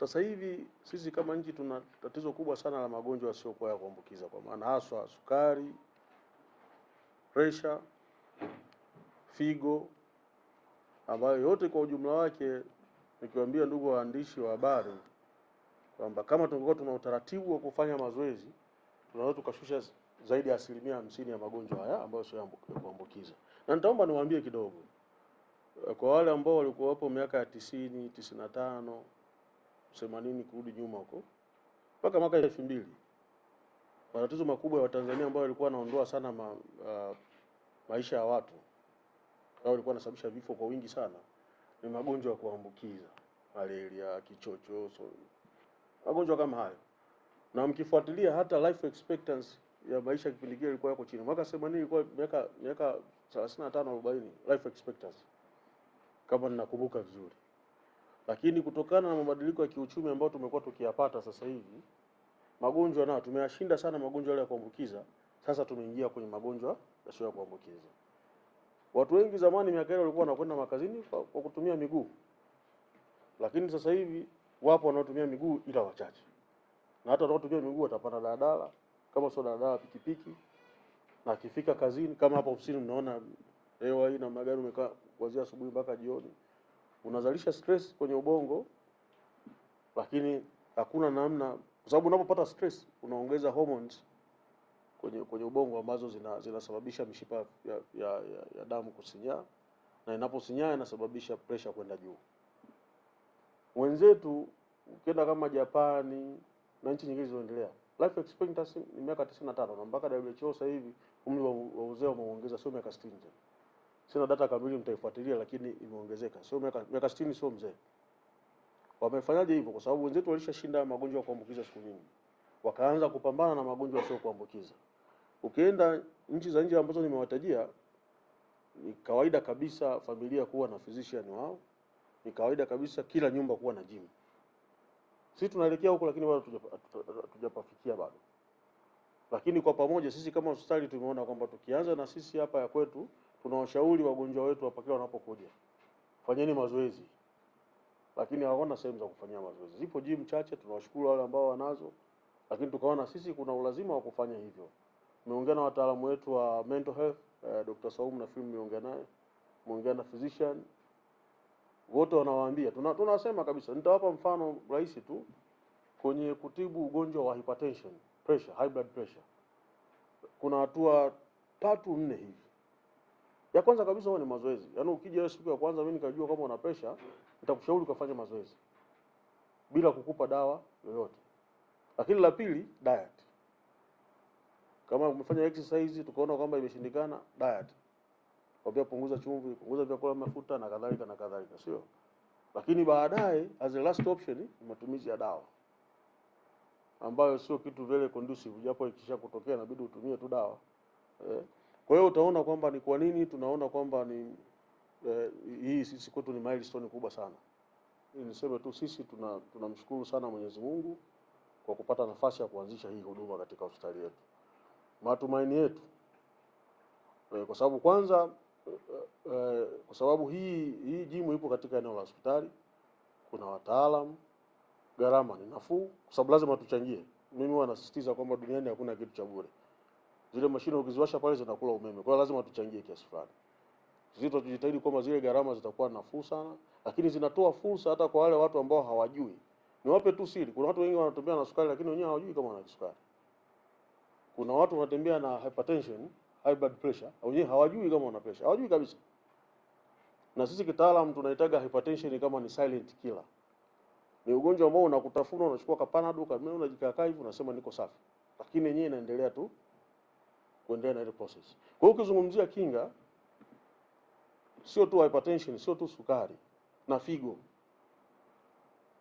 Sasa hivi sisi kama nchi tuna tatizo kubwa sana la magonjwa yasiyokuwa ya kuambukiza, kwa maana haswa sukari, presha, figo, ambayo yote kwa ujumla wake, nikiwaambia ndugu waandishi wa habari kwamba kama tungekuwa tuna utaratibu wa kufanya mazoezi, tunaweza tukashusha zaidi ya asilimia hamsini ya magonjwa haya ambayo sio ya kuambukiza. Na nitaomba niwaambie kidogo kwa wale ambao walikuwa wapo miaka ya tisini, tisini na tano themanini kurudi nyuma huko mpaka mwaka elfu mbili matatizo makubwa ya Watanzania ambayo yalikuwa yanaondoa sana ma, uh, maisha ya watu ambao walikuwa wanasababisha vifo kwa wingi sana ni magonjwa ya kuambukiza, malaria, kichocho, so, magonjwa kama hayo. Na mkifuatilia hata life expectancy ya maisha kipindi kile ilikuwa yako chini. Mwaka 80 ilikuwa miaka miaka 35 40 life expectancy, kama ninakumbuka vizuri. Lakini kutokana na mabadiliko ya kiuchumi ambayo tumekuwa tukiyapata sasa hivi, magonjwa nayo tumeyashinda sana magonjwa yale ya kuambukiza. Sasa tumeingia kwenye magonjwa yasiyo ya kuambukiza. Watu wengi zamani, miaka ile, walikuwa wanakwenda makazini kwa, kwa kutumia miguu, lakini sasa hivi wapo wanaotumia miguu ila wachache, na hata wanaotumia miguu watapanda daladala, kama sio daladala, pikipiki, na akifika kazini, kama hapa ofisini mnaona hewa hii na magari, umekaa kuanzia asubuhi mpaka jioni unazalisha stress kwenye ubongo, lakini hakuna namna, kwa sababu unapopata stress unaongeza hormones kwenye kwenye ubongo ambazo zina, zinasababisha mishipa ya, ya, ya, ya damu kusinyaa na inaposinyaa inasababisha pressure kwenda juu. Wenzetu ukienda kama Japani na nchi nyingine zilizoendelea life expectancy ni miaka 95 na mpaka WHO sasa hivi umri wa uzee umeongeza sio miaka 60 tena sina data kamili, mtaifuatilia lakini imeongezeka, sio miaka 60, sio mzee. Wamefanyaje hivyo? Kwa sababu wenzetu walishashinda magonjwa ya kuambukiza siku nyingi, wakaanza kupambana na magonjwa yasiyo kuambukiza. Ukienda nchi za nje ambazo nimewatajia, ni kawaida kabisa familia kuwa na physician wao, ni kawaida kabisa kila nyumba kuwa na gym. Sisi tunaelekea huko, lakini bado hatujapafikia bado. Lakini kwa pamoja sisi kama hospitali tumeona kwamba tukianza na sisi hapa ya kwetu, tunawashauri wagonjwa wetu hapa kila wanapokuja, fanyeni mazoezi, lakini hawana sehemu za kufanyia mazoezi. Zipo gym chache, tunawashukuru wale ambao wanazo, lakini tukaona sisi kuna ulazima wa kufanya hivyo. Tumeongea na wataalamu wetu wa mental health eh, Dr. Saumu na film mmeongea naye, mmeongea na physician wote wanawaambia, tuna tunasema kabisa. Nitawapa mfano rahisi tu kwenye kutibu ugonjwa wa hypertension pressure, high blood pressure, kuna hatua tatu nne hivi. Ya kwanza kabisa huwa ni mazoezi. Yaani ukija siku ya kwanza mimi nikajua kama una pressure, nitakushauri ukafanya mazoezi bila kukupa dawa yoyote. Lakini la pili, diet. Kama umefanya exercise tukaona kwamba imeshindikana, diet. Kwa punguza chumvi, punguza vyakula mafuta na kadhalika na kadhalika, sio? Lakini baadaye as a last option matumizi ya dawa ambayo sio kitu vile conducive, japo ikisha kutokea inabidi utumie tu dawa eh. Kwa hiyo utaona kwamba ni kwa nini tunaona kwamba ni eh, hii sisi kwetu ni milestone kubwa sana. Niseme tu sisi tuna tunamshukuru sana Mwenyezi Mungu kwa kupata nafasi ya kuanzisha hii huduma katika hospitali yetu. Matumaini yetu eh, kwa sababu kwanza eh, eh kwa sababu hii hii jimu ipo katika eneo la hospitali, kuna wataalamu gharama ni nafuu, kwa sababu lazima tuchangie. Mimi huwa nasisitiza kwamba duniani hakuna kitu cha bure. Zile mashine ukiziwasha pale zinakula umeme, kwa hiyo lazima tuchangie kiasi fulani. Sisi tujitahidi kwamba zile gharama zitakuwa nafuu sana, lakini zinatoa fursa hata kwa wale watu ambao hawajui. Niwape tu siri, kuna watu wengi wanatembea na sukari, lakini wenyewe hawajui kama wana sukari. Kuna watu wanatembea na hypertension, high blood pressure, wenyewe hawajui kama wana pressure, hawajui kabisa. Na sisi kitaalamu tunahitaga hypertension kama ni silent killer. Ni ugonjwa ambao unakutafuna, unachukua kapanado kama unajikaa hivi, unasema niko safi, lakini yenyewe inaendelea tu kuendelea na ile process. Kwa hiyo ukizungumzia kinga, sio tu hypertension, sio tu sukari na figo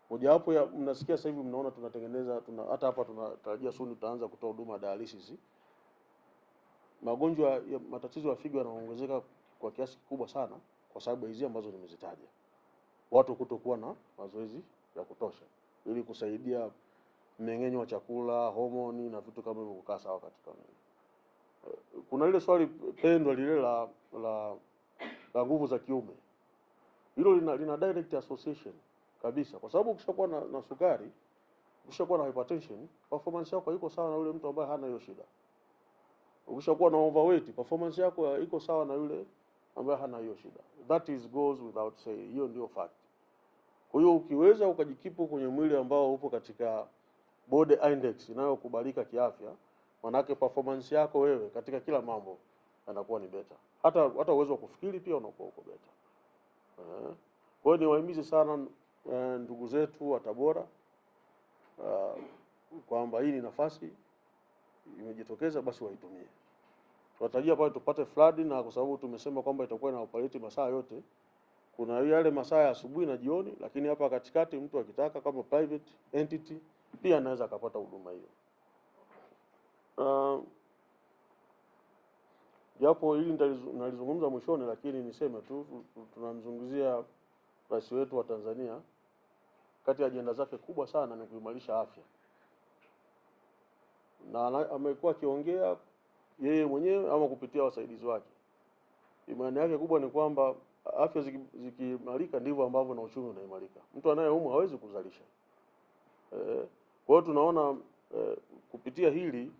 mojawapo ya mnasikia sasa hivi mnaona tunatengeneza tuna, hata hapa tunatarajia soon tutaanza kutoa huduma ya dialysis. Magonjwa ya matatizo ya figo yanaongezeka kwa kiasi kikubwa sana kwa sababu hizi ambazo nimezitaja, watu kutokuwa na mazoezi ya kutosha ili kusaidia mmeng'enyo wa chakula, homoni na vitu kama hivyo kukaa sawa katika mwili. Kuna lile swali pendwa lile la la la nguvu za kiume, hilo lina, lina direct association kabisa, kwa sababu ukishakuwa na, na sukari, ukishakuwa na hypertension, performance yako iko sawa na yule mtu ambaye hana hiyo shida. Ukishakuwa na overweight, performance yako iko sawa na yule ambaye hana hiyo shida. That is goes without say, hiyo ndio fact. Kwa hiyo ukiweza ukajikipu kwenye mwili ambao upo katika body index inayokubalika kiafya, manake performance yako wewe katika kila mambo anakuwa ni beta, hata hata uwezo wa kufikiri pia unakuwa uko beta. Eh, kwa hiyo niwahimize sana eh, ndugu zetu wa Tabora uh, kwamba hii ni nafasi imejitokeza, basi waitumie. Tunatarajia pale tupate flood, na kwa sababu tumesema kwamba itakuwa na operate masaa yote kuna yale masaa ya asubuhi na jioni, lakini hapa katikati mtu akitaka kama private entity pia anaweza akapata huduma hiyo. Uh, japo hili nalizungumza mwishoni, lakini niseme tu tunamzungumzia rais wetu wa Tanzania, kati ya ajenda zake kubwa sana ni kuimarisha afya, na amekuwa akiongea yeye mwenyewe ama kupitia wasaidizi wake. Imani yake kubwa ni kwamba afya zikiimarika ndivyo ambavyo na uchumi unaimarika. Mtu anayeumwa hawezi kuzalisha. E, kwa hiyo tunaona e, kupitia hili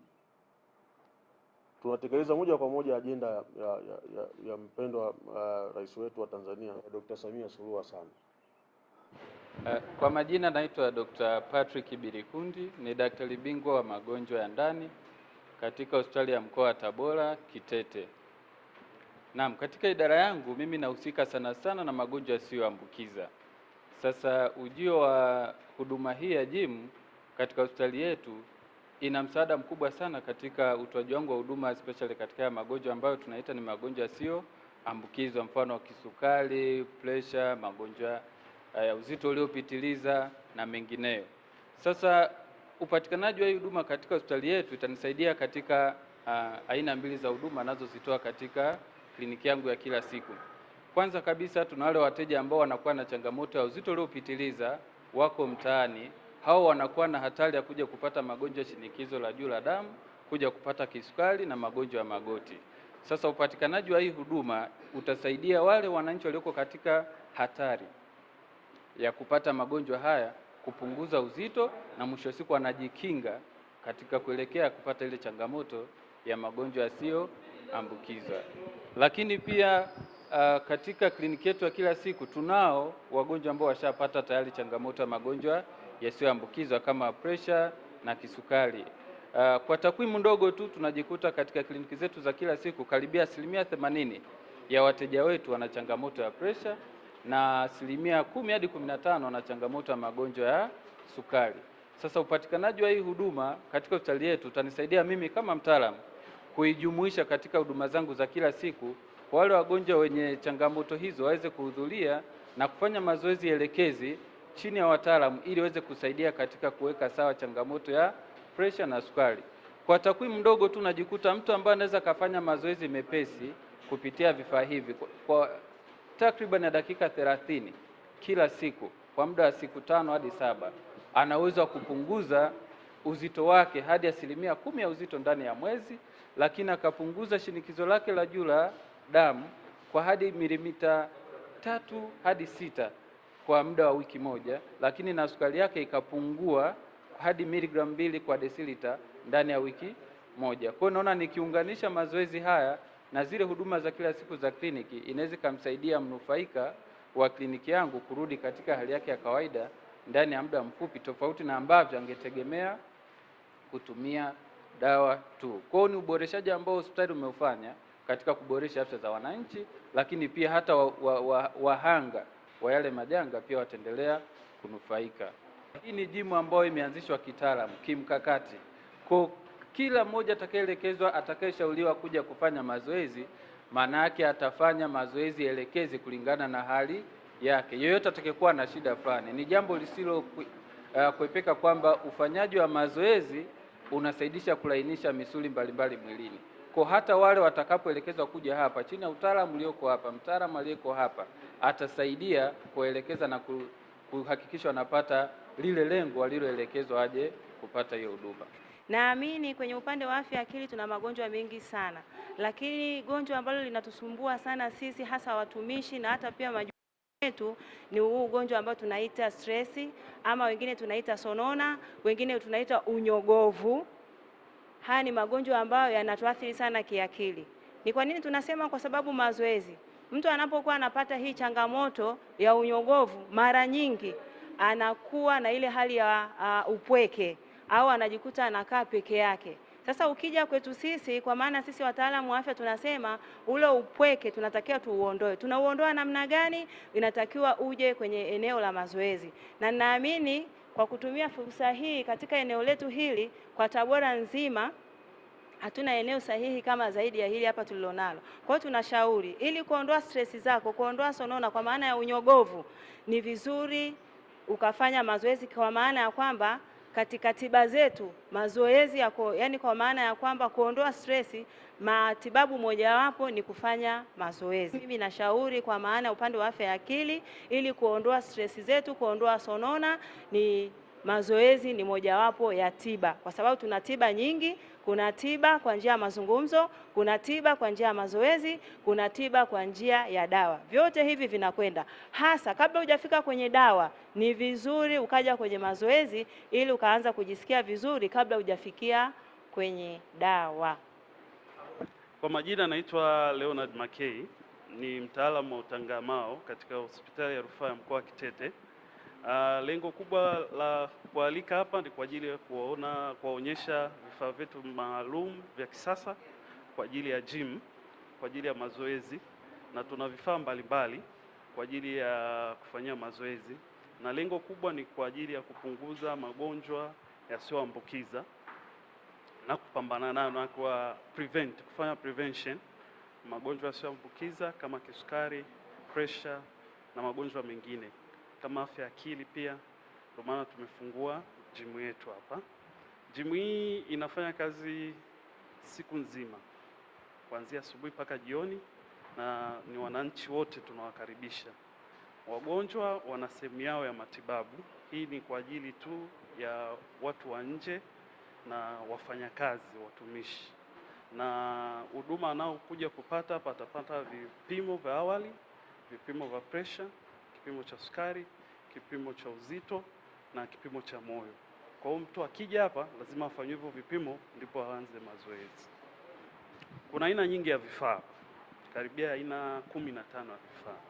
tunatekeleza moja kwa moja ajenda ya, ya, ya, ya mpendwa uh, rais wetu wa Tanzania Dr. Samia Suluhu Hassan. Kwa majina naitwa Dr. Patrick Bilikundi, ni daktari bingwa wa magonjwa ya ndani katika hospitali ya mkoa wa Tabora Kitete. Naam, katika idara yangu mimi nahusika sana sana na magonjwa yasiyoambukiza. Sasa ujio wa huduma hii ya jimu katika hospitali yetu ina msaada mkubwa sana katika utoaji wangu wa huduma especially katika magonjwa ambayo tunaita ni magonjwa yasiyoambukizwa, mfano kisukari, pressure, magonjwa eh, ya uzito uliopitiliza na mengineyo. Sasa upatikanaji wa hii huduma katika hospitali yetu itanisaidia katika uh, aina mbili za huduma anazozitoa katika kliniki yangu ya kila siku. Kwanza kabisa tuna wale wateja ambao wanakuwa na changamoto ya uzito uliopitiliza, wako mtaani, hao wanakuwa na hatari ya kuja kupata magonjwa ya shinikizo la juu la damu, kuja kupata kisukari na magonjwa ya magoti. Sasa upatikanaji wa hii huduma utasaidia wale wananchi walioko katika hatari ya kupata magonjwa haya kupunguza uzito na mwisho wa siku anajikinga katika kuelekea kupata ile changamoto ya magonjwa yasiyo ambukiza Lakini pia uh, katika kliniki yetu ya kila siku tunao wagonjwa ambao washapata tayari changamoto ya magonjwa yasiyoambukizwa kama presha na kisukari. Uh, kwa takwimu ndogo tu tunajikuta katika kliniki zetu za kila siku karibia asilimia themanini ya wateja wetu wana changamoto ya presha na asilimia kumi hadi kumi na tano wana changamoto ya magonjwa ya sukari. Sasa upatikanaji wa hii huduma katika hospitali yetu utanisaidia mimi kama mtaalamu kuijumuisha katika huduma zangu za kila siku, kwa wale wagonjwa wenye changamoto hizo waweze kuhudhuria na kufanya mazoezi elekezi chini ya wataalamu ili waweze kusaidia katika kuweka sawa changamoto ya presha na sukari. Kwa takwimu ndogo tu najikuta mtu ambaye anaweza akafanya mazoezi mepesi kupitia vifaa hivi kwa, kwa takriban ya dakika 30 kila siku kwa muda wa siku tano hadi saba anaweza kupunguza uzito wake hadi asilimia kumi ya uzito ndani ya mwezi, lakini akapunguza shinikizo lake la juu la damu kwa hadi milimita tatu hadi sita kwa muda wa wiki moja, lakini na sukari yake ikapungua hadi miligramu mbili kwa desilita ndani ya wiki moja. Kwa hiyo naona nikiunganisha mazoezi haya na zile huduma za kila siku za kliniki inaweza ikamsaidia mnufaika wa kliniki yangu kurudi katika hali yake ya kawaida ndani ya muda mfupi, tofauti na ambavyo angetegemea kutumia dawa tu. Kwa hiyo ni uboreshaji ambao hospitali umeufanya katika kuboresha afya za wananchi, lakini pia hata wahanga wa, wa, wa yale majanga pia wataendelea kunufaika. Hii ni jimu ambayo imeanzishwa kitaalamu kimkakati, kwa kila mmoja atakayeelekezwa, atakayeshauriwa kuja kufanya mazoezi, maana yake atafanya mazoezi elekezi kulingana na hali yake. Yoyote atakayekuwa na shida fulani, ni jambo lisilo kuepeka uh, kwamba ufanyaji wa mazoezi unasaidisha kulainisha misuli mbalimbali mwilini. Kwa hata wale watakapoelekezwa kuja hapa chini ya utaalamu ulioko hapa, mtaalamu aliyeko hapa atasaidia kuelekeza na kuhakikisha wanapata lile lengo waliloelekezwa aje kupata hiyo huduma. Naamini kwenye upande wa afya akili tuna magonjwa mengi sana, lakini gonjwa ambalo linatusumbua sana sisi hasa watumishi na hata pia yetu ni huu ugonjwa ambao tunaita stresi ama wengine tunaita sonona, wengine tunaita unyogovu. Haya ni magonjwa ambayo yanatuathiri sana kiakili. Ni kwa nini tunasema? Kwa sababu mazoezi, mtu anapokuwa anapata hii changamoto ya unyogovu, mara nyingi anakuwa na ile hali ya uh, upweke au anajikuta anakaa peke yake. Sasa ukija kwetu sisi, kwa maana sisi wataalamu wa afya tunasema ule upweke tunatakiwa tuuondoe. Tunauondoa namna gani? Inatakiwa uje kwenye eneo la mazoezi, na naamini kwa kutumia fursa hii katika eneo letu hili kwa Tabora nzima hatuna eneo sahihi kama zaidi ya hili hapa tulilonalo. Kwa hiyo tunashauri ili kuondoa stress zako, kuondoa sonona kwa maana ya unyogovu, ni vizuri ukafanya mazoezi kwa maana ya kwamba katika tiba zetu mazoezi yako, yani kwa maana ya kwamba kuondoa stresi, matibabu mojawapo ni kufanya mazoezi. Mimi nashauri kwa maana upande wa afya ya akili, ili kuondoa stresi zetu, kuondoa sonona ni mazoezi ni mojawapo ya tiba, kwa sababu tuna tiba nyingi. Kuna tiba kwa njia ya mazungumzo, kuna tiba kwa njia ya mazoezi, kuna tiba kwa njia ya dawa. Vyote hivi vinakwenda hasa. Kabla hujafika kwenye dawa, ni vizuri ukaja kwenye mazoezi ili ukaanza kujisikia vizuri kabla hujafikia kwenye dawa. Kwa majina anaitwa Leonard Makei, ni mtaalamu wa utangamao katika hospitali ya rufaa ya mkoa wa Kitete. Uh, lengo kubwa la kualika hapa ni kwa ajili ya kuona kuwaonyesha vifaa vyetu maalum vya kisasa kwa ajili ya gym, kwa ajili ya mazoezi na tuna vifaa mbalimbali kwa ajili ya kufanyia mazoezi, na lengo kubwa ni kwa ajili ya kupunguza magonjwa yasiyoambukiza na kupambana nayo na kwa prevent, kufanya prevention magonjwa yasiyoambukiza kama kisukari, pressure na magonjwa mengine kama afya akili pia. Ndio maana tumefungua jimu yetu hapa. Jimu hii inafanya kazi siku nzima kuanzia asubuhi mpaka jioni, na ni wananchi wote tunawakaribisha. Wagonjwa wana sehemu yao ya matibabu. Hii ni kwa ajili tu ya watu wa nje na wafanyakazi watumishi, na huduma anaokuja kupata hapa atapata vipimo vya awali, vipimo vya pressure kipimo cha sukari, kipimo cha uzito na kipimo cha moyo. Kwa hiyo mtu akija hapa lazima afanyiwe hivyo vipimo ndipo aanze mazoezi. Kuna aina nyingi ya vifaa, karibia aina kumi na tano ya vifaa.